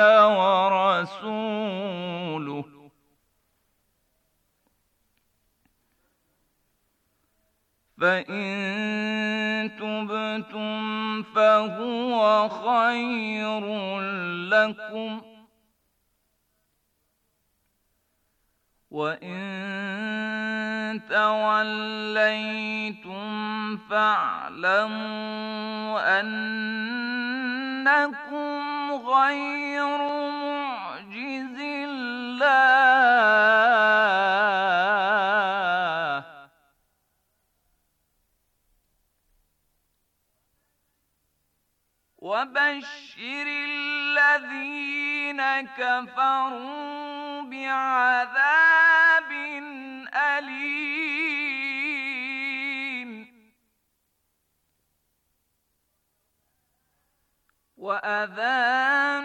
ورسوله فإن تبتم فهو خير لكم وإن توليتم فاعلموا أنكم غير معجز الله وبشر الذين كفروا بعذاب وأذان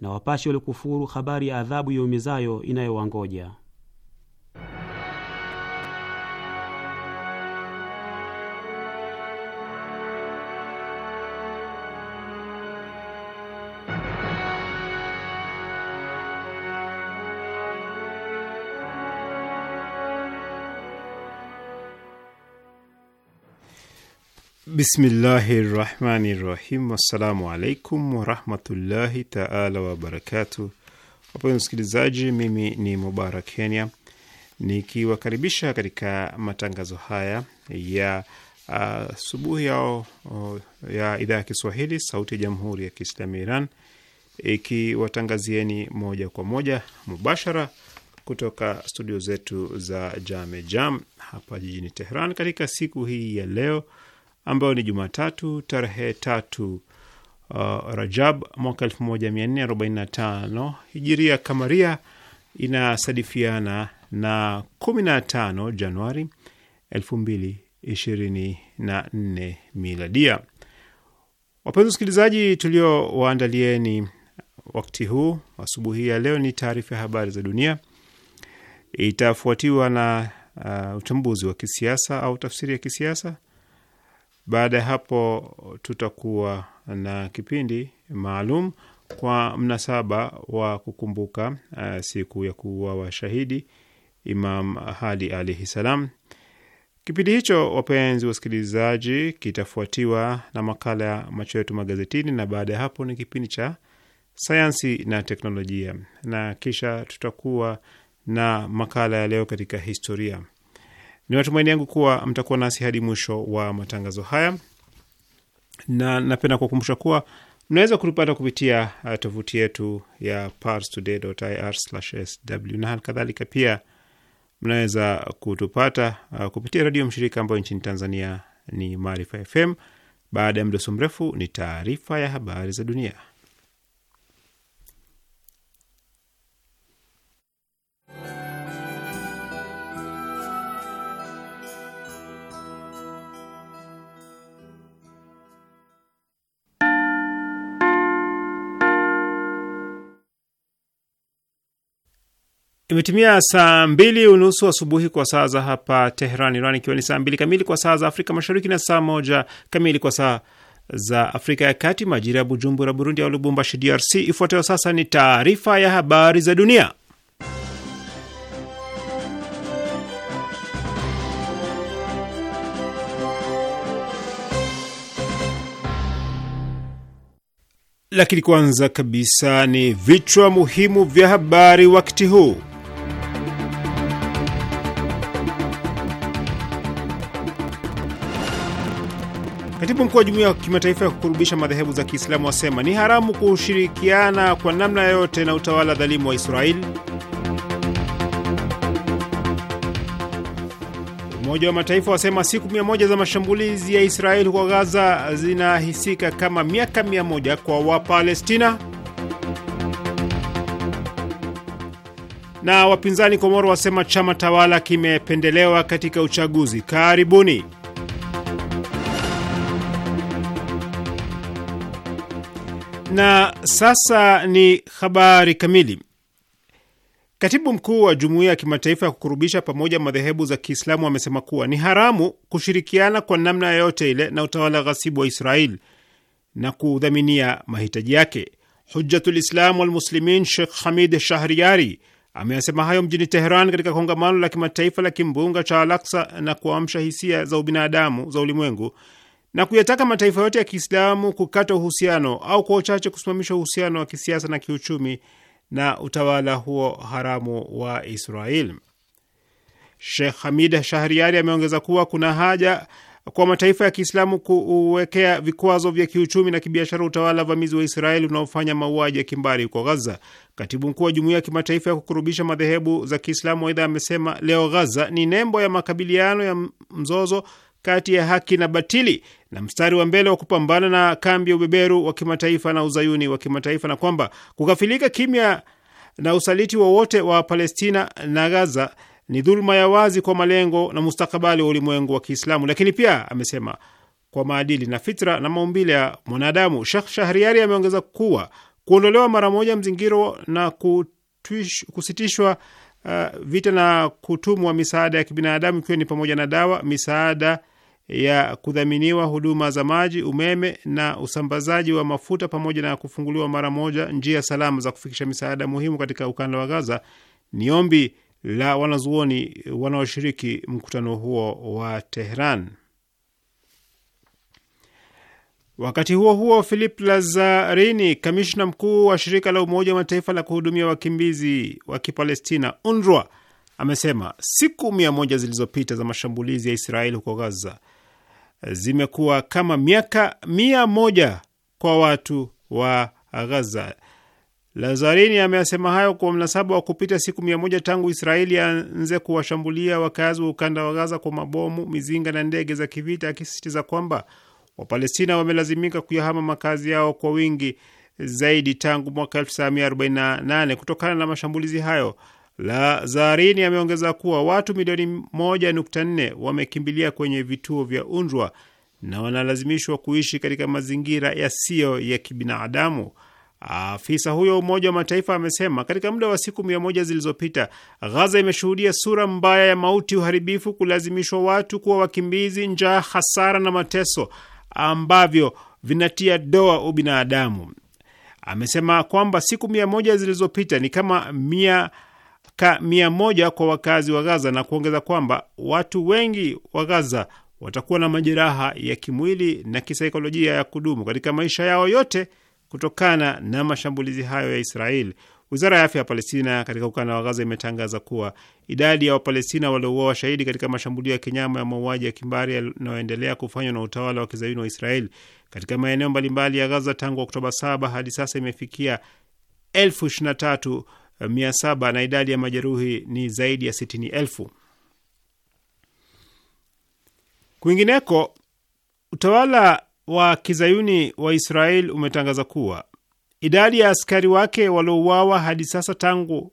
na wapashe waliokufuru habari ya adhabu yaumizayo inayowangoja. Bismillahi rahmani rahim. Assalamu alaikum warahmatullahi taala wabarakatu. Wapenzi msikilizaji, mimi ni Mubarak Kenya nikiwakaribisha katika matangazo haya ya uh, asubuhi uh, ya idhaa ya Kiswahili sauti ya jamhuri ya kiislami ya Iran ikiwatangazieni moja kwa moja mubashara kutoka studio zetu za Jame Jam hapa jijini Tehran katika siku hii ya leo ambayo ni Jumatatu tarehe tatu uh, Rajab mwaka 1445 hijiria kamaria inasadifiana na 15 Januari 2024 miladia. Wapenzi wasikilizaji, tuliowaandalieni wakati huu asubuhi ya leo ni taarifa ya habari za dunia, itafuatiwa na uh, uchambuzi wa kisiasa au tafsiri ya kisiasa baada ya hapo tutakuwa na kipindi maalum kwa mnasaba wa kukumbuka uh, siku ya kuuawa shahidi Imam Hadi alaihi salam. Kipindi hicho, wapenzi wasikilizaji, kitafuatiwa na makala ya macho yetu magazetini, na baada ya hapo ni kipindi cha sayansi na teknolojia, na kisha tutakuwa na makala ya leo katika historia. Ni matumaini yangu kuwa mtakuwa nasi hadi mwisho wa matangazo haya, na napenda kuwakumbusha kuwa mnaweza kutupata kupitia uh, tovuti yetu ya parstoday.ir/sw na hali kadhalika pia mnaweza kutupata uh, kupitia redio mshirika ambayo nchini Tanzania ni Maarifa FM. Baada ya mdoso mrefu ni taarifa ya habari za dunia. Imetimia saa mbili unusu asubuhi kwa saa za hapa Teheran, Iran, ikiwa ni saa mbili kamili kwa saa za Afrika Mashariki na saa moja kamili kwa saa za Afrika ya Kati, majira ya Bujumbura, Burundi, au Lubumbashi, DRC. Ifuatayo sasa ni taarifa ya habari za dunia, lakini kwanza kabisa ni vichwa muhimu vya habari wakati huu. Katibu mkuu wa jumuiya ya kimataifa ya kukurubisha madhehebu za Kiislamu asema ni haramu kushirikiana kwa namna yoyote na utawala dhalimu wa Israeli. Umoja wa Mataifa wasema siku mia moja za mashambulizi ya Israeli huko Gaza zinahisika kama miaka mia moja kwa Wapalestina. Na wapinzani Komoro wasema chama tawala kimependelewa katika uchaguzi. Karibuni. Na sasa ni habari kamili. Katibu mkuu wa jumuiya ya kimataifa ya kukurubisha pamoja madhehebu za Kiislamu amesema kuwa ni haramu kushirikiana kwa namna yoyote ile na utawala ghasibu wa Israel na kudhaminia mahitaji yake. Hujjatul Islam Walmuslimin Shekh Hamid Shahriari ameyasema hayo mjini Teheran katika kongamano la kimataifa la kimbunga cha alaksa na kuamsha hisia za ubinadamu za ulimwengu na kuyataka mataifa yote ya Kiislamu kukata uhusiano au kwa uchache kusimamisha uhusiano wa kisiasa na kiuchumi na utawala huo haramu wa Israel. Sheikh Hamid Shahriari ameongeza kuwa kuna haja kwa mataifa ya Kiislamu kuwekea vikwazo vya kiuchumi na kibiashara utawala vamizi wa Israeli unaofanya mauaji ya kimbari huko Gaza. Katibu mkuu wa jumuiya ya kimataifa ya kukurubisha madhehebu za Kiislamu aidha amesema leo Gaza ni nembo ya makabiliano ya mzozo kati ya haki na batili na mstari wa mbele wa kupambana na kambi ya ubeberu wa kimataifa na uzayuni wa kimataifa, na kwamba kukafilika kimya na usaliti wowote wa, wa Palestina na Gaza ni dhuluma ya wazi kwa malengo na mustakabali wa ulimwengu wa Kiislamu. Lakini pia amesema kwa maadili na fitra na maumbile ya mwanadamu. shekh Shahriari ameongeza kuwa kuondolewa mara moja mzingiro na kutwish, kusitishwa uh, vita na kutumwa misaada ya kibinadamu ikiwa ni pamoja na dawa, misaada ya kudhaminiwa huduma za maji, umeme na usambazaji wa mafuta pamoja na kufunguliwa mara moja njia salama za kufikisha misaada muhimu katika ukanda wa Gaza ni ombi la wanazuoni wanaoshiriki mkutano huo wa Tehran. Wakati huo huo, Philip Lazarini, kamishna mkuu wa shirika la Umoja wa Mataifa la kuhudumia wakimbizi wa Kipalestina, UNRWA, amesema siku mia moja zilizopita za mashambulizi ya Israeli huko Gaza zimekuwa kama miaka mia moja kwa watu wa Ghaza. Lazarini ameyasema hayo kwa mnasaba wa kupita siku mia moja tangu Israeli aanze kuwashambulia wakazi wa ukanda wa Gaza kwa mabomu, mizinga na ndege za kivita, akisisitiza kwamba Wapalestina wamelazimika kuyahama makazi yao kwa wingi zaidi tangu mwaka 1948 kutokana na mashambulizi hayo. Lazarini ameongeza kuwa watu milioni moja nukta nne wamekimbilia kwenye vituo vya UNRWA na wanalazimishwa kuishi katika mazingira yasiyo ya kibinadamu. Afisa huyo wa Umoja wa Mataifa amesema katika muda wa siku mia moja zilizopita Ghaza imeshuhudia sura mbaya ya mauti, uharibifu, kulazimishwa watu kuwa wakimbizi, njaa, hasara na mateso ambavyo vinatia doa ubinadamu. Amesema kwamba siku mia moja zilizopita ni kama mia ka mia moja kwa wakazi wa Gaza na kuongeza kwamba watu wengi wa Gaza watakuwa na majeraha ya kimwili na kisaikolojia ya kudumu katika maisha yao yote kutokana na mashambulizi hayo ya Israeli. Wizara ya afya ya Palestina katika ukanda wa Gaza imetangaza kuwa idadi ya Wapalestina waliouawa washahidi katika mashambulio ya kinyama ya mauaji ya kimbari yanayoendelea kufanywa na utawala wa kizayuni wa Israeli katika maeneo mbalimbali ya Gaza tangu Oktoba 7 hadi sasa imefikia elfu ishirini na tatu mia saba na idadi ya majeruhi ni zaidi ya sitini elfu. Kwingineko, utawala wa kizayuni wa Israel umetangaza kuwa idadi ya askari wake waliouawa hadi sasa tangu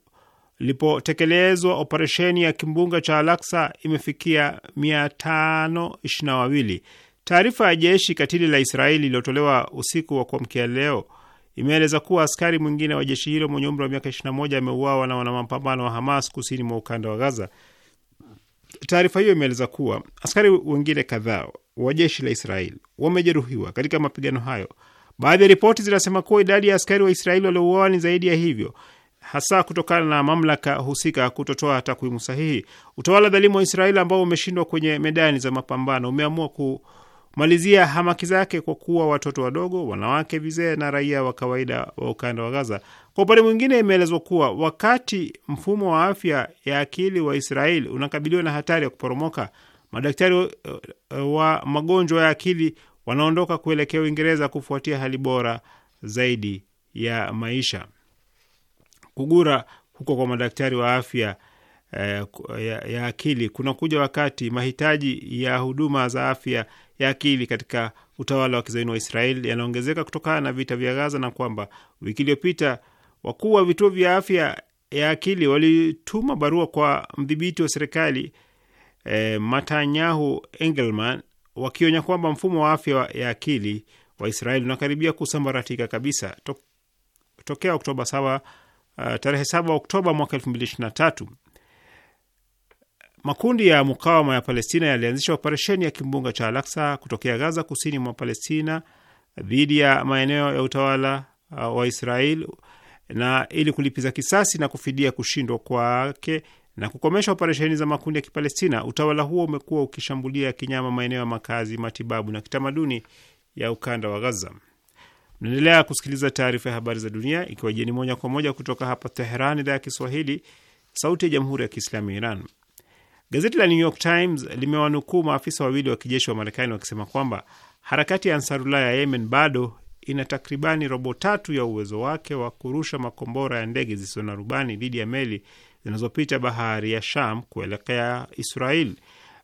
ilipotekelezwa operesheni ya kimbunga cha Alaksa imefikia 522. Taarifa ya jeshi katili la Israeli iliyotolewa usiku wa kuamkia leo imeeleza kuwa askari mwingine wa jeshi hilo mwenye umri wa miaka 21 ameuawa na wanamapambano wa Hamas kusini mwa ukanda wa Gaza. Taarifa hiyo imeeleza kuwa askari wengine kadhaa wa jeshi la Israeli wamejeruhiwa katika mapigano hayo. Baadhi ya ripoti zinasema kuwa idadi ya askari wa Israeli waliouawa ni zaidi ya hivyo, hasa kutokana na mamlaka husika kutotoa takwimu sahihi. Utawala dhalimu wa Israeli ambao umeshindwa kwenye medani za mapambano umeamua ku kumalizia hamaki zake kwa kuwa watoto wadogo, wanawake, vizee na raia wa kawaida wa ukanda wa Gaza. Kwa upande mwingine, imeelezwa kuwa wakati mfumo wa afya ya akili wa Israeli unakabiliwa na hatari ya kuporomoka, madaktari eh, eh, wa magonjwa ya akili wanaondoka kuelekea Uingereza kufuatia hali bora zaidi ya maisha. Kugura huko kwa madaktari wa afya eh, ya, ya akili kunakuja wakati mahitaji ya huduma za afya ya akili katika utawala wa kizayuni wa Israel yanaongezeka kutokana na vita vya Gaza na kwamba wiki iliyopita wakuu wa vituo vya afya ya akili walituma barua kwa mdhibiti wa serikali eh, Matanyahu Engelman wakionya kwamba mfumo wa afya ya akili wa Israel unakaribia kusambaratika kabisa. Tokea Oktoba 7 uh, eh, tarehe 7 Oktoba mwaka 2023 Makundi ya mukawama ya Palestina yalianzisha operesheni ya kimbunga cha Alaksa kutokea Gaza kusini mwa Palestina dhidi ya maeneo ya utawala uh, wa Israel na ili kulipiza kisasi na kufidia kushindwa kwake na kukomesha operesheni za makundi ya Kipalestina, utawala huo umekuwa ukishambulia kinyama maeneo ya makazi, matibabu na kitamaduni ya ukanda wa Gaza. Mnaendelea kusikiliza taarifa ya habari za dunia ikiwa jeni moja kwa moja kutoka hapa Teheran, idhaa ya Kiswahili, sauti ya jamhuri ya kiislamu ya Iran. Gazeti la New York Times limewanukuu maafisa wawili wa kijeshi wa Marekani wakisema kwamba harakati ya Ansarullah ya Yemen bado ina takribani robo tatu ya uwezo wake wa kurusha makombora ya ndege zisizo na rubani dhidi ya meli zinazopita bahari ya Sham kuelekea Israel.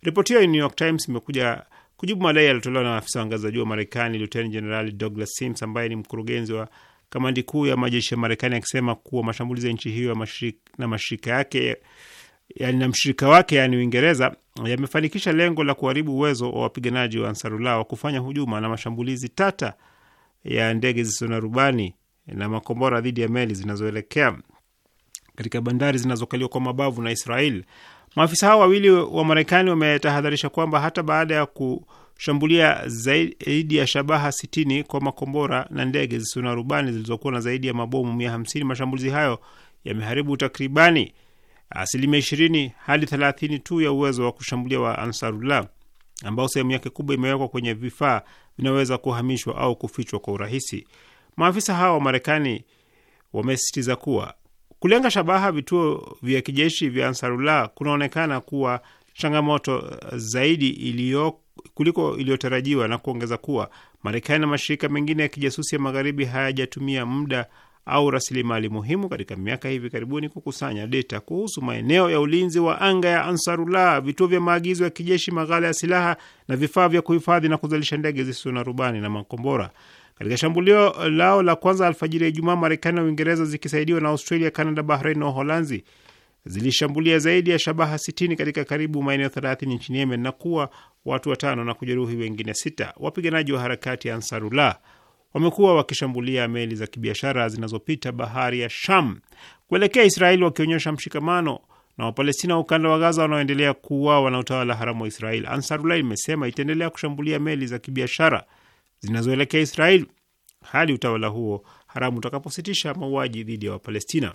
Ripoti hiyo ya New York Times imekuja kujibu madai yaliotolewa na afisa wa ngazi za juu wa Marekani, Luteni Jenerali Douglas Sims ambaye ni mkurugenzi wa kamandi kuu ya majeshi ya Marekani akisema kuwa mashambulizi ya nchi hiyo na mashirika yake yani na mshirika wake yani Uingereza yamefanikisha lengo la kuharibu uwezo wa wapiganaji wa Ansarullah wa kufanya hujuma na mashambulizi tata ya ndege zisizo na rubani na makombora dhidi ya meli zinazoelekea katika bandari zinazokaliwa kwa mabavu na Israel. Maafisa hao wawili wa Marekani wametahadharisha kwamba hata baada ya kushambulia zaidi ya shabaha s kwa makombora na ndege zisizo na rubani zilizokuwa na zaidi ya mabomu hamsini, mashambulizi hayo yameharibu takribani asilimia ishirini hadi thelathini tu ya uwezo wa kushambulia wa Ansarullah ambao sehemu yake kubwa imewekwa kwenye vifaa vinaweza kuhamishwa au kufichwa kwa urahisi. Maafisa hawa wa Marekani wamesisitiza kuwa kulenga shabaha vituo vya kijeshi vya Ansarullah kunaonekana kuwa changamoto zaidi iliyo kuliko iliyotarajiwa na kuongeza kuwa Marekani na mashirika mengine ya kijasusi ya magharibi hayajatumia muda au rasilimali muhimu katika miaka hivi karibuni kukusanya deta kuhusu maeneo ya ulinzi wa anga ya Ansarullah, vituo vya maagizo ya kijeshi, maghala ya silaha na vifaa vya kuhifadhi na kuzalisha ndege zisizo na rubani na makombora. Katika shambulio lao la kwanza alfajiri ya Ijumaa, Marekani na Uingereza zikisaidiwa na Australia, Canada, Bahrain na Uholanzi zilishambulia zaidi ya shabaha 60 katika karibu maeneo 30 nchini Yemen na kuwa watu watano na kujeruhi wengine sita. Wapiganaji wa harakati ya Ansarullah wamekuwa wakishambulia meli za kibiashara zinazopita bahari ya Sham kuelekea Israeli, wakionyesha mshikamano na Wapalestina wa ukanda wa Gaza wanaoendelea kuuawa na utawala haramu wa Israeli. Ansarullah imesema itaendelea kushambulia meli za kibiashara zinazoelekea Israeli hadi utawala huo haramu utakapositisha mauaji dhidi ya Wapalestina.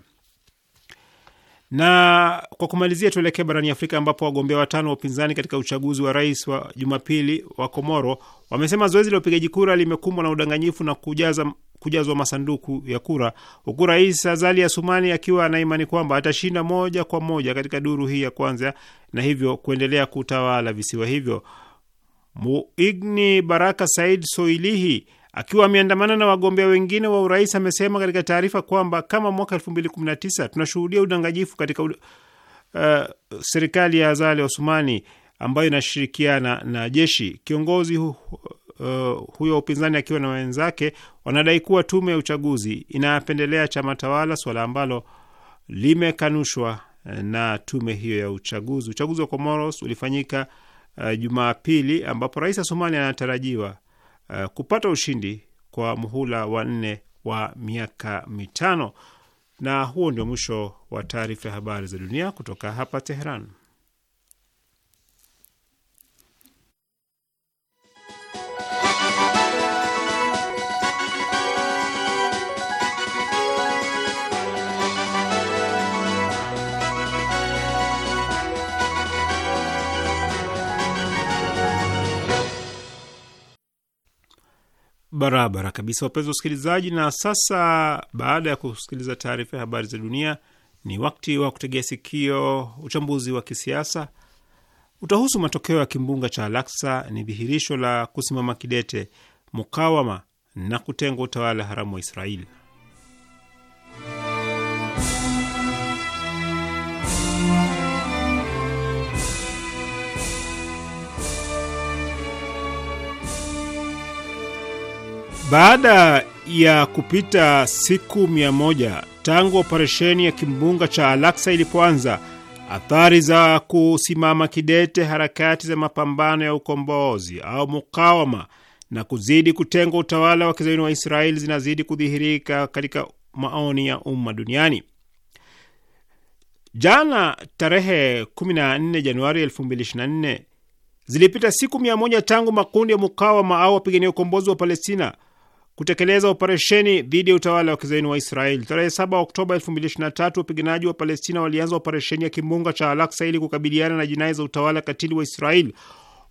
Na kwa kumalizia, tuelekee barani Afrika ambapo wagombea watano wa upinzani katika uchaguzi wa rais wa Jumapili wa Komoro wamesema zoezi la upigaji kura limekumbwa na udanganyifu na kujaza kujazwa masanduku ya kura, huku rais Azali Asumani akiwa anaimani kwamba atashinda moja kwa moja katika duru hii ya kwanza na hivyo kuendelea kutawala visiwa hivyo. Muigni Baraka Said Soilihi Akiwa ameandamana na wagombea wengine wa urais, amesema katika taarifa kwamba kama mwaka 2019 tunashuhudia udanganyifu katika uh, serikali ya Azali Osumani ambayo inashirikiana na jeshi. Kiongozi hu, uh, huyo wa upinzani akiwa na wenzake wanadai kuwa tume ya uchaguzi inapendelea chama tawala, suala ambalo limekanushwa na tume hiyo ya uchaguzi. Uchaguzi wa Comoros ulifanyika uh, Jumapili ambapo rais Asumani anatarajiwa Eh, kupata ushindi kwa muhula wa nne wa miaka mitano. Na huo ndio mwisho wa taarifa ya habari za dunia kutoka hapa teheran barabara kabisa, wapenzi wasikilizaji. Na sasa baada ya kusikiliza taarifa ya habari za dunia, ni wakati wa kutegea sikio uchambuzi wa kisiasa. Utahusu matokeo ya kimbunga cha Al-Aqsa ni dhihirisho la kusimama kidete mukawama na kutengwa utawala haramu wa Israeli. Baada ya kupita siku mia moja tangu operesheni ya kimbunga cha alaksa ilipoanza, athari za kusimama kidete harakati za mapambano ya ukombozi au mukawama na kuzidi kutengwa utawala wa kizayuni wa Israeli zinazidi kudhihirika katika maoni ya umma duniani. Jana tarehe 14 Januari 2024 zilipita siku mia moja tangu makundi ya mukawama au wapigania ukombozi wa Palestina kutekeleza operesheni dhidi ya utawala wa kizaini wa Israel. Tarehe 7 Oktoba 2023 wapiganaji wa Palestina walianza operesheni ya Kimbunga cha Al-Aqsa ili kukabiliana na jinai za utawala katili wa Israel.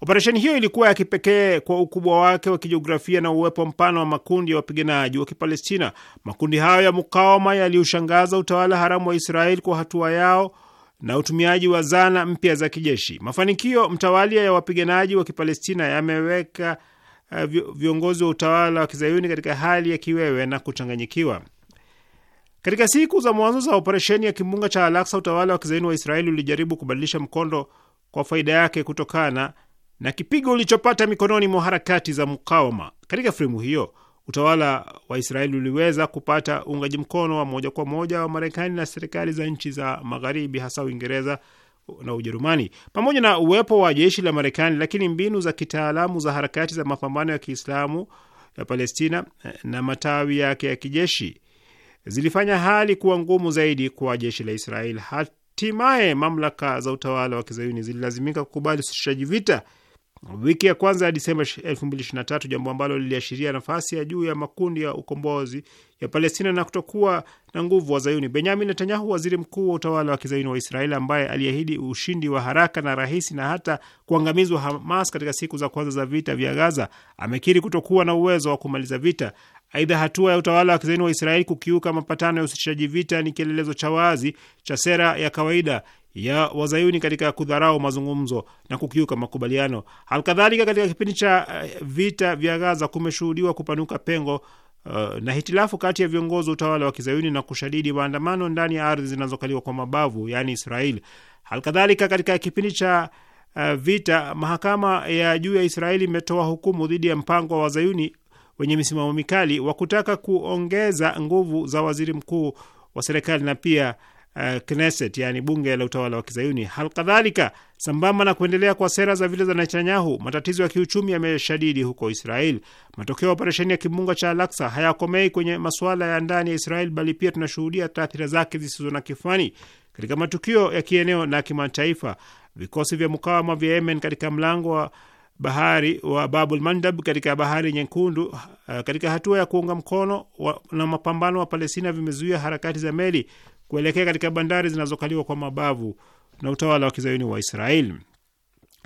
Operesheni hiyo ilikuwa ya kipekee kwa ukubwa wake wa kijiografia na uwepo mpana wa makundi ya wapiganaji wa Kipalestina. Makundi hayo ya mukawama yaliushangaza utawala haramu wa Israel kwa hatua yao na utumiaji wa zana mpya za kijeshi. Mafanikio mtawalia ya wapiganaji wa Kipalestina yameweka Eh, viongozi wa utawala wa kizayuni katika hali ya kiwewe na kuchanganyikiwa. Katika siku za mwanzo za operesheni ya kimbunga cha Alaksa, utawala wa kizayuni wa Israeli ulijaribu kubadilisha mkondo kwa faida yake kutokana na kipigo ulichopata mikononi mwa harakati za mukawama. Katika fremu hiyo, utawala wa Israeli uliweza kupata uungaji mkono wa moja kwa moja wa Marekani na serikali za nchi za Magharibi, hasa Uingereza, na Ujerumani pamoja na uwepo wa jeshi la Marekani, lakini mbinu za kitaalamu za harakati za mapambano ya Kiislamu ya Palestina eh, na matawi yake ya kijeshi zilifanya hali kuwa ngumu zaidi kwa jeshi la Israeli. Hatimaye mamlaka za utawala wa kizayuni zililazimika kukubali usitishaji vita wiki ya kwanza ya Disemba 2023, jambo ambalo liliashiria nafasi ya juu ya makundi ya ukombozi ya Palestina na kutokuwa na nguvu wa Zayuni. Benyamin Netanyahu, waziri mkuu wa utawala wa kizayuni wa Israeli, ambaye aliahidi ushindi wa haraka na rahisi na hata kuangamizwa Hamas katika siku za kwanza za vita vya Gaza, amekiri kutokuwa na uwezo wa kumaliza vita. Aidha, hatua ya utawala wa kizayuni wa Israeli kukiuka mapatano ya usitishaji vita ni kielelezo cha wazi cha sera ya kawaida ya wazayuni katika kudharau mazungumzo na kukiuka makubaliano. Halkadhalika, katika kipindi cha eh, vita vya Gaza kumeshuhudiwa kupanuka pengo uh, na hitilafu kati ya viongozi wa utawala wa kizayuni na kushadidi maandamano ndani ya ardhi zinazokaliwa kwa mabavu, yani Israeli. Halkadhalika, katika kipindi cha uh, vita, mahakama ya juu ya Israeli imetoa hukumu dhidi ya mpango wa wazayuni wenye misimamo mikali wa kutaka kuongeza nguvu za waziri mkuu wa serikali na pia uh, Knesset, yani bunge la utawala wa Kizayuni. Hal kadhalika, sambamba na kuendelea kwa sera za vita za Netanyahu, matatizo ya kiuchumi yameshadidi huko Israel. Matokeo ya operesheni ya kimbunga cha Al-Aqsa hayakomei kwenye masuala ya ndani ya Israel, bali pia tunashuhudia taathira zake zisizo na kifani katika matukio ya kieneo na kimataifa. Vikosi vya mukawama vya Yemen katika mlango wa bahari wa Babul Mandab katika bahari Nyekundu eh, katika hatua ya kuunga mkono wa, na mapambano wa Palestina vimezuia harakati za meli kuelekea katika bandari zinazokaliwa kwa mabavu na utawala wa kizayuni wa Israeli.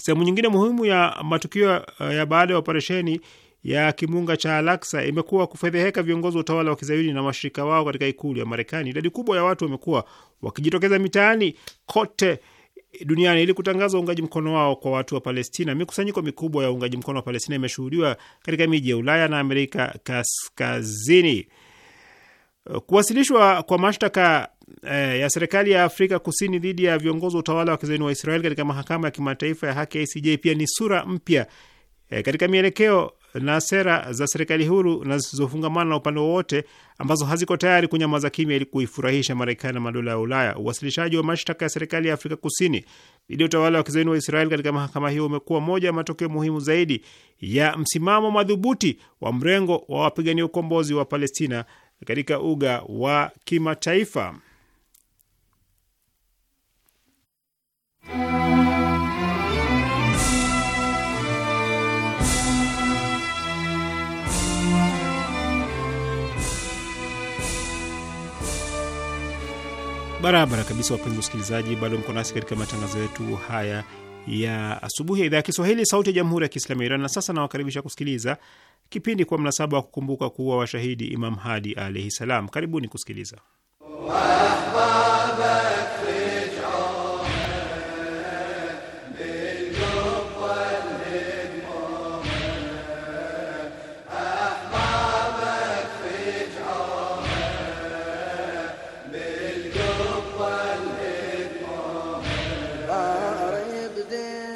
Sehemu nyingine muhimu ya matukio eh, ya baada ya operesheni ya kimbunga cha alaksa imekuwa kufedheheka viongozi wa utawala wa kizayuni na washirika wao katika ikulu ya Marekani. Idadi kubwa ya watu wamekuwa wakijitokeza mitaani kote duniani ili kutangaza uungaji mkono wao kwa watu wa Palestina. Mikusanyiko mikubwa ya uungaji mkono wa Palestina imeshuhudiwa katika miji ya Ulaya na Amerika Kaskazini. Kuwasilishwa kwa mashtaka eh, ya serikali ya Afrika Kusini dhidi ya viongozi wa utawala wa kizayuni wa Israel katika mahakama ya kimataifa ya haki ya ICJ pia ni sura mpya eh, katika mielekeo na sera za serikali huru na zisizofungamana na upande wowote ambazo haziko tayari kunyamaza kimya ili kuifurahisha Marekani na madola ya Ulaya. Uwasilishaji wa mashtaka ya serikali ya Afrika Kusini dhidi ya utawala wa kizayuni wa Israel katika mahakama hiyo umekuwa moja ya matokeo muhimu zaidi ya msimamo madhubuti wa mrengo wa wapigania ukombozi wa Palestina katika uga wa kimataifa. Barabara kabisa, wapenzi wasikilizaji, bado mko nasi katika matangazo yetu haya ya asubuhi ya idhaa ya Kiswahili, Sauti ya Jamhuri ya Kiislamu ya Iran. Na sasa nawakaribisha kusikiliza kipindi kwa mnasaba wa kukumbuka kuwa washahidi Imam Hadi alaihi salam. Karibuni kusikiliza Wahbaba.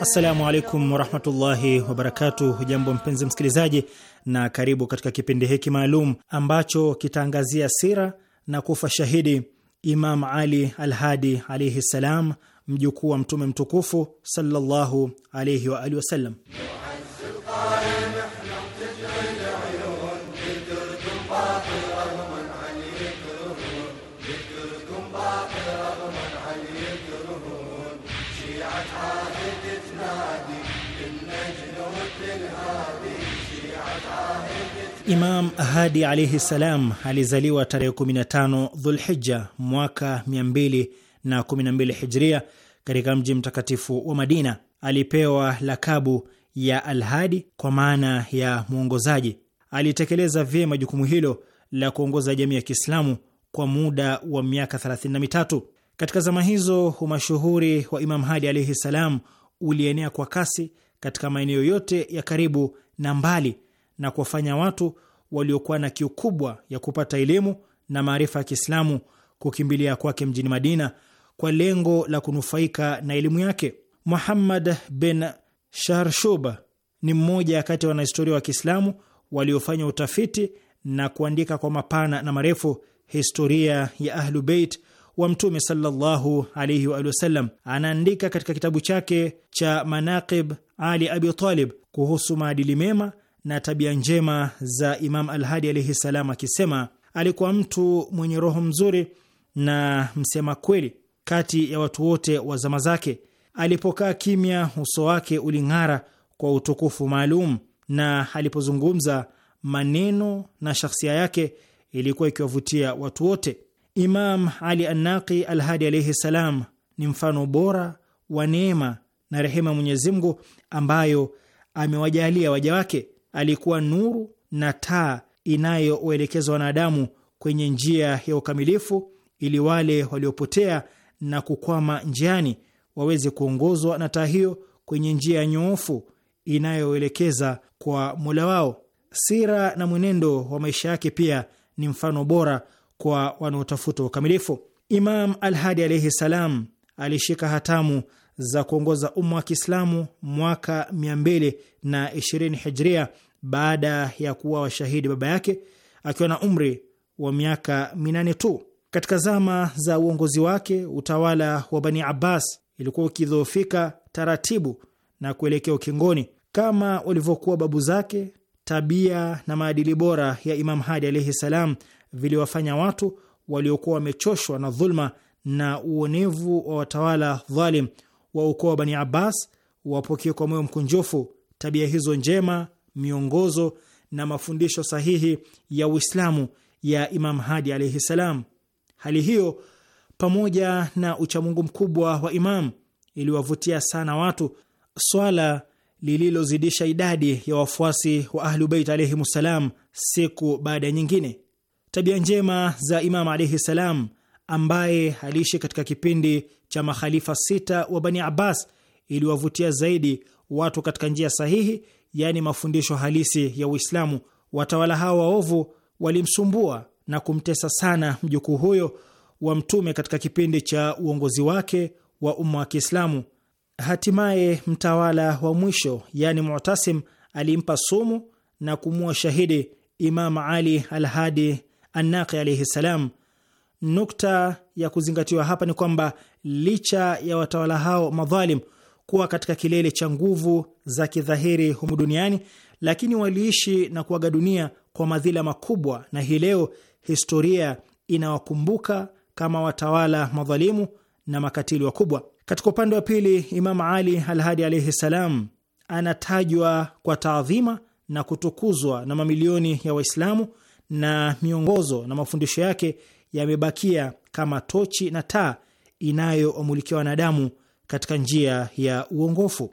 Assalamu alaikum warahmatullahi wabarakatu. Hujambo mpenzi msikilizaji, na karibu katika kipindi hiki maalum ambacho kitaangazia sira na kufa shahidi Imam Ali Alhadi alaihi ssalam, mjukuu wa Mtume mtukufu sallallahu alaihi waalihi wasallam. Imam Hadi alaihi salam alizaliwa tarehe 15 Dhulhija mwaka 212 Hijria katika mji mtakatifu wa Madina. Alipewa lakabu ya Alhadi kwa maana ya mwongozaji. Alitekeleza vyema jukumu hilo la kuongoza jamii ya Kiislamu kwa muda wa miaka 33. Katika zama hizo umashuhuri wa Imam Hadi alaihi salam ulienea kwa kasi katika maeneo yote ya karibu na mbali na kuwafanya watu waliokuwa na kiu kubwa ya kupata elimu na maarifa ya Kiislamu kukimbilia kwake mjini Madina kwa lengo la kunufaika na elimu yake. Muhammad bin shahrshub ni mmoja kati ya wanahistoria wa Kiislamu waliofanya utafiti na kuandika kwa mapana na marefu historia ya Ahlu Beit wa Mtume sallallahu alaihi wa Anaandika katika kitabu chake cha Manaqib Ali Abi Talib kuhusu maadili mema na tabia njema za Imam Alhadi alaihi salam, akisema alikuwa mtu mwenye roho mzuri na msema kweli kati ya watu wote wa zama zake. Alipokaa kimya, uso wake uling'ara kwa utukufu maalum, na alipozungumza maneno na shakhsia yake ilikuwa ikiwavutia watu wote. Imam Ali Annaqi Alhadi alaihi salam ni mfano bora wa neema na rehema Mwenyezi Mungu ambayo amewajalia waja wake alikuwa nuru na taa inayowaelekeza wanadamu kwenye njia ya ukamilifu, ili wale waliopotea na kukwama njiani waweze kuongozwa na taa hiyo kwenye njia ya nyoofu inayoelekeza kwa Mola wao. Sira na mwenendo wa maisha yake pia ni mfano bora kwa wanaotafuta ukamilifu. Imam Alhadi alaihi salam alishika hatamu za kuongoza umma wa Kiislamu mwaka 220 hijria baada ya kuwa washahidi baba yake akiwa na umri wa miaka minane tu. Katika zama za uongozi wake, utawala wa Bani Abbas ilikuwa ukidhoofika taratibu na kuelekea ukingoni. Kama walivyokuwa babu zake, tabia na maadili bora ya Imam Hadi alaihi salam viliwafanya watu waliokuwa wamechoshwa na dhulma na uonevu wa watawala dhalim wa ukoo wa Bani Abbas wapokee kwa moyo mkunjufu tabia hizo njema, miongozo na mafundisho sahihi ya Uislamu ya Imam Hadi alaihi salam. Hali hiyo pamoja na uchamungu mkubwa wa Imam iliwavutia sana watu, swala lililozidisha idadi ya wafuasi wa Ahlu Beit alaihim siku baada ya nyingine. Tabia njema za Imam alaihi salam ambaye aliishi katika kipindi cha makhalifa sita wa Bani Abbas iliwavutia zaidi watu katika njia sahihi, yaani mafundisho halisi ya Uislamu. Watawala hao waovu walimsumbua na kumtesa sana mjukuu huyo wa Mtume katika kipindi cha uongozi wake wa umma wa Kiislamu. Hatimaye mtawala wa mwisho, yaani Mutasim, alimpa sumu na kumua shahidi Imam Ali Alhadi Annaqi alaihi ssalam. Nukta ya kuzingatiwa hapa ni kwamba licha ya watawala hao madhalim kuwa katika kilele cha nguvu za kidhahiri humu duniani, lakini waliishi na kuaga dunia kwa madhila makubwa, na hii leo historia inawakumbuka kama watawala madhalimu na makatili wakubwa. Katika upande wa pili, Imam Ali Alhadi alaihi salam anatajwa kwa taadhima na kutukuzwa na mamilioni ya Waislamu, na miongozo na mafundisho yake yamebakia kama tochi na taa inayoamulikia wanadamu katika njia ya uongofu.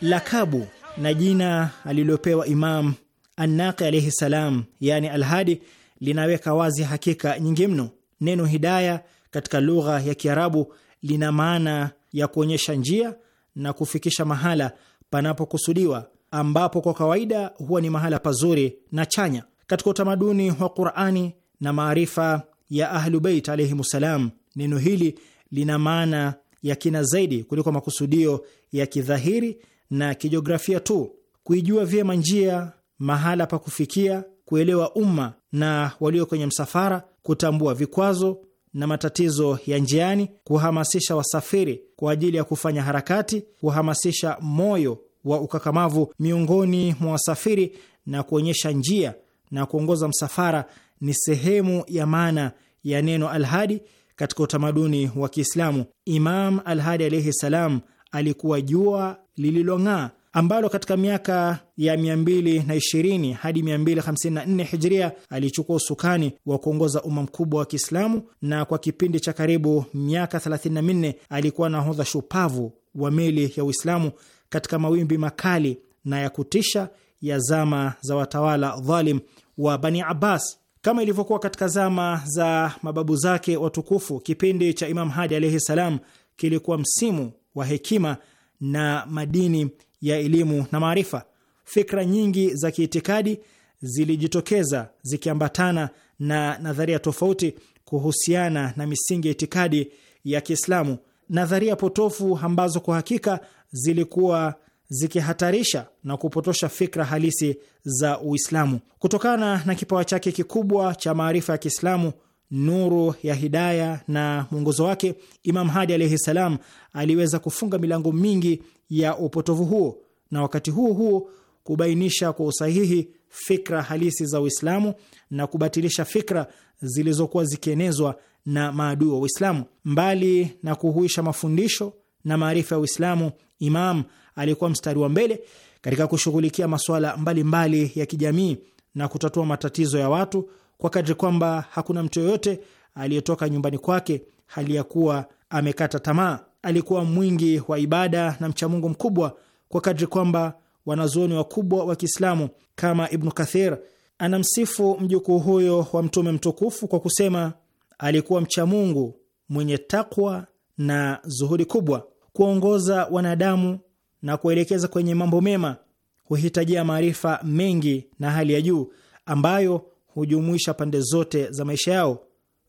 Lakabu na jina alilopewa Imam Annaqi alaihi salam, yani Alhadi linaweka wazi hakika nyingi mno. Neno hidaya katika lugha ya Kiarabu lina maana ya kuonyesha njia na kufikisha mahala panapokusudiwa, ambapo kwa kawaida huwa ni mahala pazuri na chanya. Katika utamaduni wa Qurani na maarifa ya Ahlubeit alaihim ssalam, neno hili lina maana ya kina zaidi kuliko makusudio ya kidhahiri na kijiografia tu. Kuijua vyema njia, mahala pa kufikia kuelewa umma na walio kwenye msafara, kutambua vikwazo na matatizo ya njiani, kuhamasisha wasafiri kwa ajili ya kufanya harakati, kuhamasisha moyo wa ukakamavu miongoni mwa wasafiri na kuonyesha njia na kuongoza msafara ni sehemu ya maana ya neno Alhadi katika utamaduni wa Kiislamu. Imam Alhadi alaihi salam alikuwa jua lililong'aa ambalo katika miaka ya 220 hadi 254 hijria alichukua usukani wa kuongoza umma mkubwa wa Kiislamu, na kwa kipindi cha karibu miaka 34 alikuwa nahodha shupavu wa meli ya Uislamu katika mawimbi makali na ya kutisha ya zama za watawala dhalim wa Bani Abbas. Kama ilivyokuwa katika zama za mababu zake watukufu, kipindi cha Imam Hadi alaihi salam kilikuwa msimu wa hekima na madini ya elimu na maarifa. Fikra nyingi za kiitikadi zilijitokeza zikiambatana na nadharia tofauti kuhusiana na misingi ya itikadi ya Kiislamu, nadharia potofu ambazo kwa hakika zilikuwa zikihatarisha na kupotosha fikra halisi za Uislamu. Kutokana na kipawa chake kikubwa cha maarifa ya Kiislamu, nuru ya hidaya na mwongozo wake, Imam Hadi alaihi salam aliweza kufunga milango mingi ya upotovu huo na wakati huo huo kubainisha kwa usahihi fikra halisi za Uislamu na kubatilisha fikra zilizokuwa zikienezwa na maadui wa Uislamu. Mbali na kuhuisha mafundisho na maarifa ya Uislamu, Imam alikuwa mstari wa mbele katika kushughulikia masuala mbalimbali ya kijamii na kutatua matatizo ya watu kwa kadri kwamba hakuna mtu yoyote aliyetoka nyumbani kwake hali ya kuwa amekata tamaa alikuwa mwingi wa ibada na mchamungu mkubwa kwa kadri kwamba wanazuoni wakubwa wa Kiislamu kama Ibnu Kathir anamsifu mjukuu huyo wa Mtume mtukufu kwa kusema alikuwa mchamungu mwenye takwa na zuhudi kubwa. Kuongoza wanadamu na kuelekeza kwenye mambo mema huhitajia maarifa mengi na hali ya juu ambayo hujumuisha pande zote za maisha yao.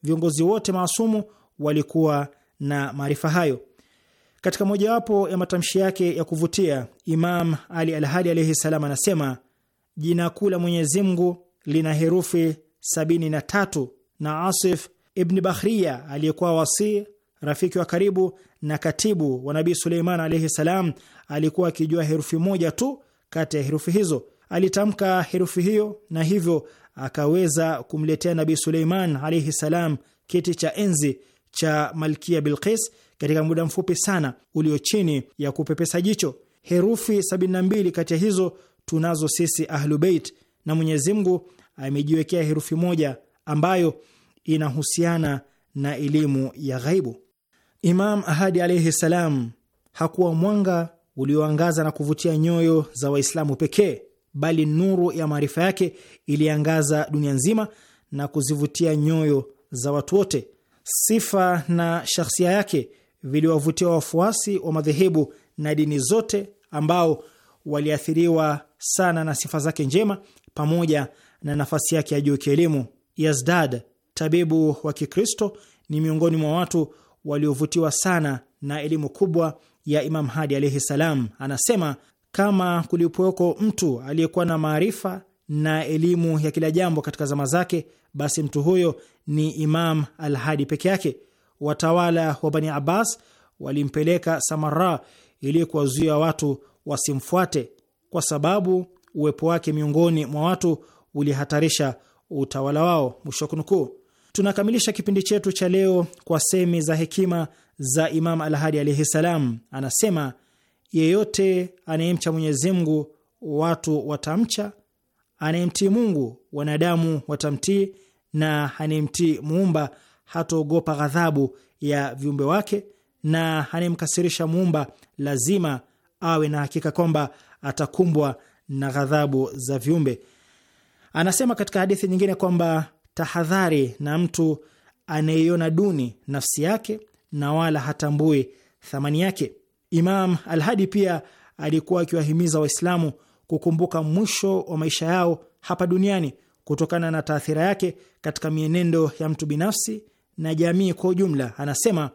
Viongozi wote maasumu walikuwa na maarifa hayo. Katika mojawapo ya matamshi yake ya kuvutia, Imam Ali Alhadi alaihi salam anasema jina kuu la Mwenyezi Mungu lina herufi sabini na tatu na Asif ibni Bakhria aliyekuwa wasi rafiki wa karibu na katibu wa Nabii Suleiman alaihi salam alikuwa akijua herufi moja tu kati ya herufi hizo. Alitamka herufi hiyo na hivyo akaweza kumletea Nabii Suleiman alaihi salam kiti cha enzi cha Malkia Bilqis katika muda mfupi sana ulio chini ya kupepesa jicho. Herufi 72 kati ya hizo tunazo sisi Ahlubeit, na Mwenyezi Mungu amejiwekea herufi moja ambayo inahusiana na elimu ya ghaibu. Imam Ahadi alaihi salam hakuwa mwanga ulioangaza na kuvutia nyoyo za Waislamu pekee, bali nuru ya maarifa yake iliangaza dunia nzima na kuzivutia nyoyo za watu wote. Sifa na shakhsia yake viliwavutia wafuasi wa madhehebu na dini zote ambao waliathiriwa sana na sifa zake njema pamoja na nafasi yake ya juu kielimu. Yazdad, tabibu wa Kikristo, ni miongoni mwa watu waliovutiwa sana na elimu kubwa ya Imam Hadi alaihi salam. Anasema kama kulipoweko mtu aliyekuwa na maarifa na elimu ya kila jambo katika zama zake, basi mtu huyo ni Imam Alhadi peke yake watawala wa Bani Abbas walimpeleka Samara ili kuwazuia watu wasimfuate kwa sababu uwepo wake miongoni mwa watu ulihatarisha utawala wao. Mwisho kunukuu. Tunakamilisha kipindi chetu cha leo kwa semi za hekima za Imam Alhadi alaihi salam. Anasema, yeyote anayemcha Mwenyezi Mungu watu watamcha, anayemtii Mungu wanadamu watamtii, na anayemtii muumba hataogopa ghadhabu ya viumbe wake, na anayemkasirisha muumba lazima awe na hakika kwamba atakumbwa na ghadhabu za viumbe. Anasema katika hadithi nyingine kwamba tahadhari na mtu anayeiona duni nafsi yake na wala hatambui thamani yake. Imam Alhadi pia alikuwa akiwahimiza Waislamu kukumbuka mwisho wa maisha yao hapa duniani kutokana na taathira yake katika mienendo ya mtu binafsi na jamii kwa ujumla. Anasema,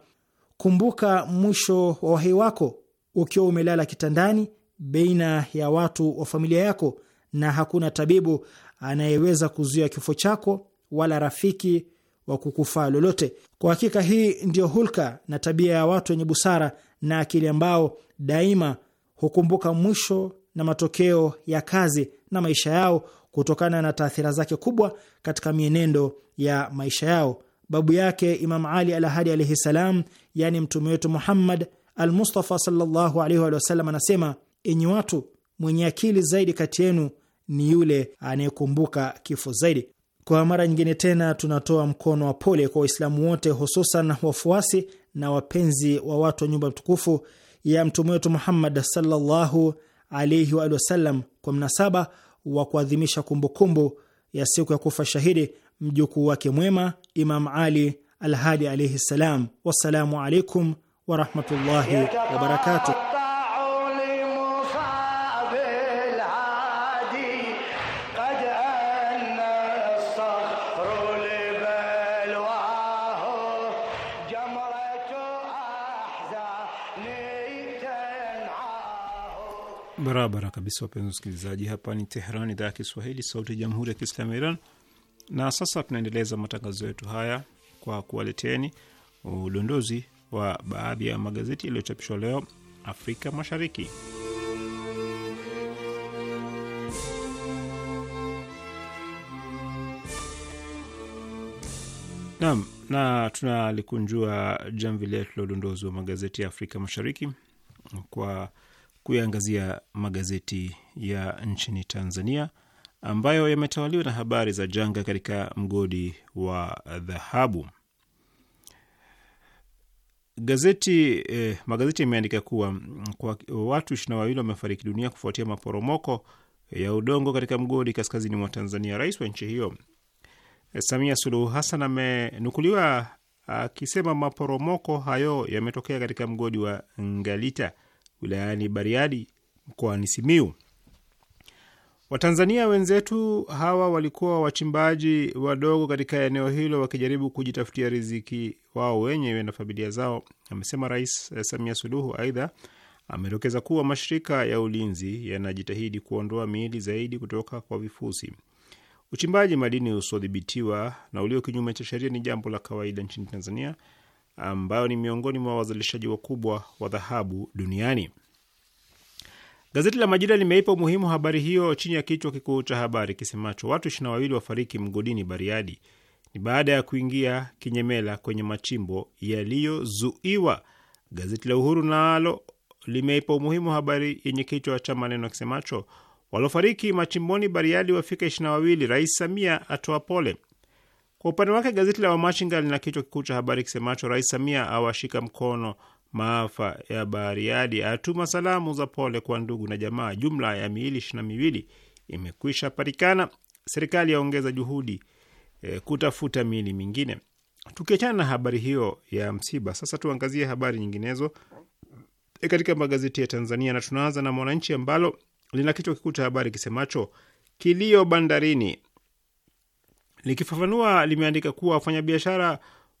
kumbuka mwisho wa uhai wako ukiwa umelala kitandani baina ya watu wa familia yako, na hakuna tabibu anayeweza kuzuia kifo chako wala rafiki wa kukufaa lolote. Kwa hakika hii ndiyo hulka na tabia ya watu wenye busara na akili ambao daima hukumbuka mwisho na matokeo ya kazi na maisha yao kutokana na taathira zake kubwa katika mienendo ya maisha yao babu yake Imam Ali alhadi alaihi salam, yani mtume wetu Muhammad al Mustafa sallallahu alaihi wa sallam anasema, enyi watu, mwenye akili zaidi kati yenu ni yule anayekumbuka kifo zaidi. Kwa mara nyingine tena tunatoa mkono wa pole kwa Waislamu wote hususan wafuasi na wapenzi wa watu wa nyumba mtukufu ya mtume wetu Muhammad sallallahu alaihi wa sallam kwa mnasaba wa kuadhimisha kumbukumbu ya siku ya kufa shahidi mjukuu wake mwema Imam Ali Alhadi alaihi ssalam. Wassalamu alaikum warahmatullahi wabarakatuh. Barabara kabisa, wapenzi wasikilizaji, hapa ni Teheran, idhaa ya Kiswahili, sauti ya jamhuri ya kiislamu ya Iran. Na sasa tunaendeleza matangazo yetu haya kwa kuwaleteni udondozi wa baadhi ya magazeti yaliyochapishwa leo Afrika Mashariki. Naam, na tunalikunjua jamvi letu la udondozi wa magazeti ya Afrika Mashariki kwa kuyaangazia magazeti ya nchini Tanzania ambayo yametawaliwa na habari za janga katika mgodi wa dhahabu. Gazeti eh, magazeti yameandika kuwa mm, kwa watu ishirini na wawili wamefariki dunia kufuatia maporomoko ya udongo katika mgodi kaskazini mwa Tanzania. Rais wa nchi hiyo eh, Samia Suluhu Hassan amenukuliwa akisema maporomoko hayo yametokea katika mgodi wa Ngalita wilayani Bariadi mkoani Simiu. Watanzania wenzetu hawa walikuwa wachimbaji wadogo katika eneo hilo wakijaribu kujitafutia riziki wao wenyewe na familia zao, amesema Rais eh, Samia Suluhu. Aidha, amedokeza kuwa mashirika ya ulinzi yanajitahidi kuondoa miili zaidi kutoka kwa vifusi. Uchimbaji madini usiodhibitiwa na ulio kinyume cha sheria ni jambo la kawaida nchini Tanzania, ambayo ni miongoni mwa wazalishaji wakubwa wa dhahabu duniani. Gazeti la Majira limeipa umuhimu habari hiyo chini ya kichwa kikuu cha habari kisemacho watu ishirini na wawili wafariki mgodini Bariadi ni baada ya kuingia kinyemela kwenye machimbo yaliyozuiwa. Gazeti la Uhuru nalo limeipa umuhimu habari yenye kichwa cha maneno kisemacho waliofariki machimboni Bariadi wafika ishirini na wawili, Rais Samia atoa pole. Kwa upande wake gazeti la Wamachinga lina kichwa kikuu cha habari kisemacho Rais Samia awashika mkono maafa ya Bariadi atuma salamu za pole kwa ndugu na jamaa. Jumla ya miili ishirini na miwili imekwisha patikana. Serikali yaongeza juhudi e, kutafuta miili mingine. Tukiachana na habari hiyo ya msiba, sasa tuangazie habari nyinginezo e, katika magazeti ya Tanzania na tunaanza na Mwananchi ambalo lina kichwa kikuu cha habari kisemacho kilio bandarini. Likifafanua, limeandika kuwa wafanyabiashara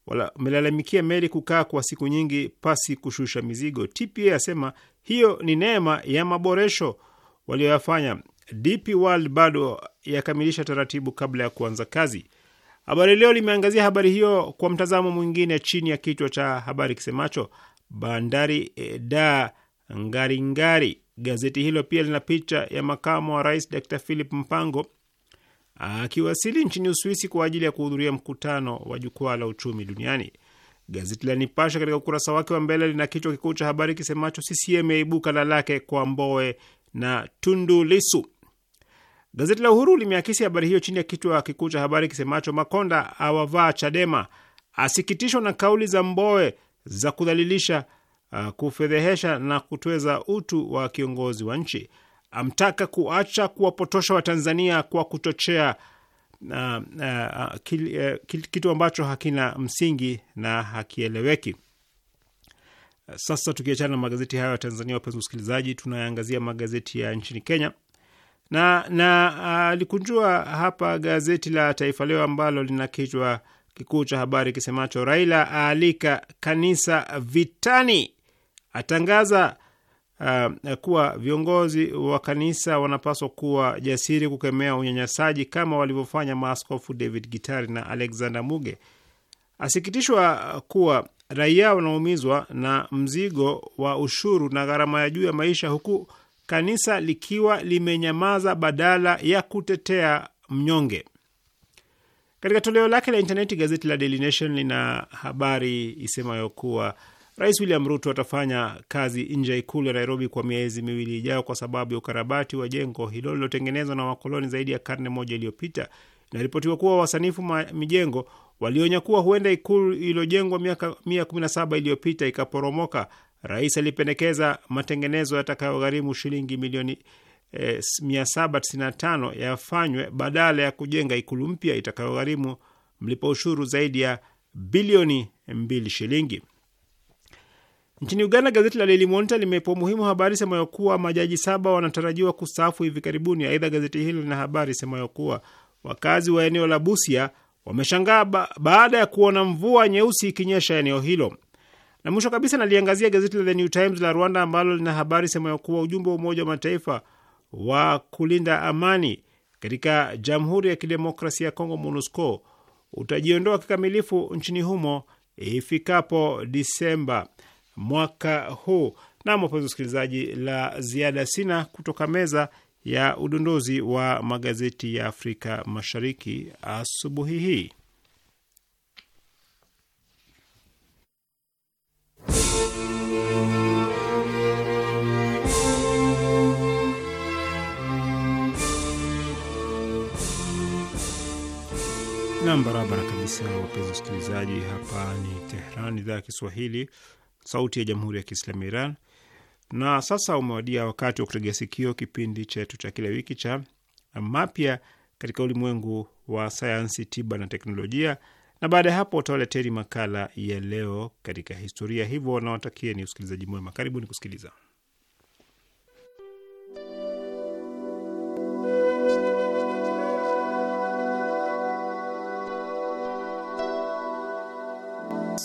wamelalamikia meli kukaa kwa siku nyingi pasi kushusha mizigo. TPA asema hiyo ni neema ya maboresho walioyafanya. DP World bado yakamilisha taratibu kabla ya kuanza kazi. Habari Leo limeangazia habari hiyo kwa mtazamo mwingine chini ya kichwa cha habari kisemacho bandari e, da ngaringari. Gazeti hilo pia lina picha ya makamu wa rais Dr Philip Mpango akiwasili nchini Uswisi kwa ajili ya kuhudhuria mkutano wa jukwaa la uchumi duniani. Gazeti la Nipasha katika ukurasa wake wa mbele lina kichwa kikuu cha habari kisemacho CCM yaibuka la lake kwa Mbowe na Tundu Lisu. Gazeti la Uhuru limeakisi habari hiyo chini ya kichwa kikuu cha habari kisemacho Makonda awavaa Chadema, asikitishwa na kauli za Mbowe za kudhalilisha, uh, kufedhehesha na kutweza utu wa kiongozi wa nchi amtaka kuacha kuwapotosha Watanzania kwa kuchochea uh, uh, kil, uh, kitu ambacho hakina msingi na hakieleweki. Sasa tukiachana na magazeti hayo ya Tanzania, wapenzi wasikilizaji, tunayaangazia magazeti ya nchini Kenya na na alikunjua uh, hapa gazeti la Taifa Leo ambalo lina kichwa kikuu cha habari kisemacho Raila aalika kanisa vitani, atangaza uh, kuwa viongozi wa kanisa wanapaswa kuwa jasiri kukemea unyanyasaji kama walivyofanya maaskofu David Gitari na Alexander Muge. Asikitishwa kuwa raia wanaumizwa na mzigo wa ushuru na gharama ya juu ya maisha, huku kanisa likiwa limenyamaza badala ya kutetea mnyonge. Katika toleo lake la intaneti, gazeti la Daily Nation lina habari isemayo kuwa Rais William Ruto atafanya kazi nje ya ikulu ya Nairobi kwa miezi miwili ijayo kwa sababu ya ukarabati wa jengo hilo lililotengenezwa na wakoloni zaidi ya karne moja iliyopita. Inaripotiwa kuwa wasanifu mijengo walionya kuwa huenda ikulu iliyojengwa miaka mia kumi na saba iliyopita ikaporomoka. Rais alipendekeza matengenezo yatakayogharimu shilingi milioni eh, 795 yafanywe badala ya kujenga ikulu mpya itakayogharimu mlipa ushuru zaidi ya bilioni mbili shilingi. Nchini Uganda, gazeti la Daily Monitor limepa umuhimu habari semayo kuwa majaji saba wanatarajiwa kustaafu hivi karibuni. Aidha, gazeti hilo lina habari semayo kuwa wakazi wa eneo la Busia wameshangaa ba baada ya kuona mvua nyeusi ikinyesha eneo hilo. Na mwisho kabisa naliangazia gazeti la The New Times la Rwanda ambalo lina habari semayo kuwa ujumbe wa Umoja wa Mataifa wa kulinda amani katika Jamhuri ya Kidemokrasia ya Kongo, MONUSCO, utajiondoa kikamilifu nchini humo ifikapo Disemba mwaka huu. Nam, wapenzi wasikilizaji, la ziada sina kutoka meza ya udondozi wa magazeti ya Afrika Mashariki asubuhi hii. Nam, barabara kabisa wapenzi wasikilizaji, hapa ni Tehran, idhaa ya Kiswahili sauti ya jamhuri ya kiislamu ya Iran. Na sasa umewadia wakati wa kutegea sikio kipindi chetu cha kila wiki cha mapya katika ulimwengu wa sayansi, tiba na teknolojia, na baada ya hapo utawaleteni makala ya leo katika historia. Hivyo nawatakieni usikilizaji mwema, karibuni kusikiliza.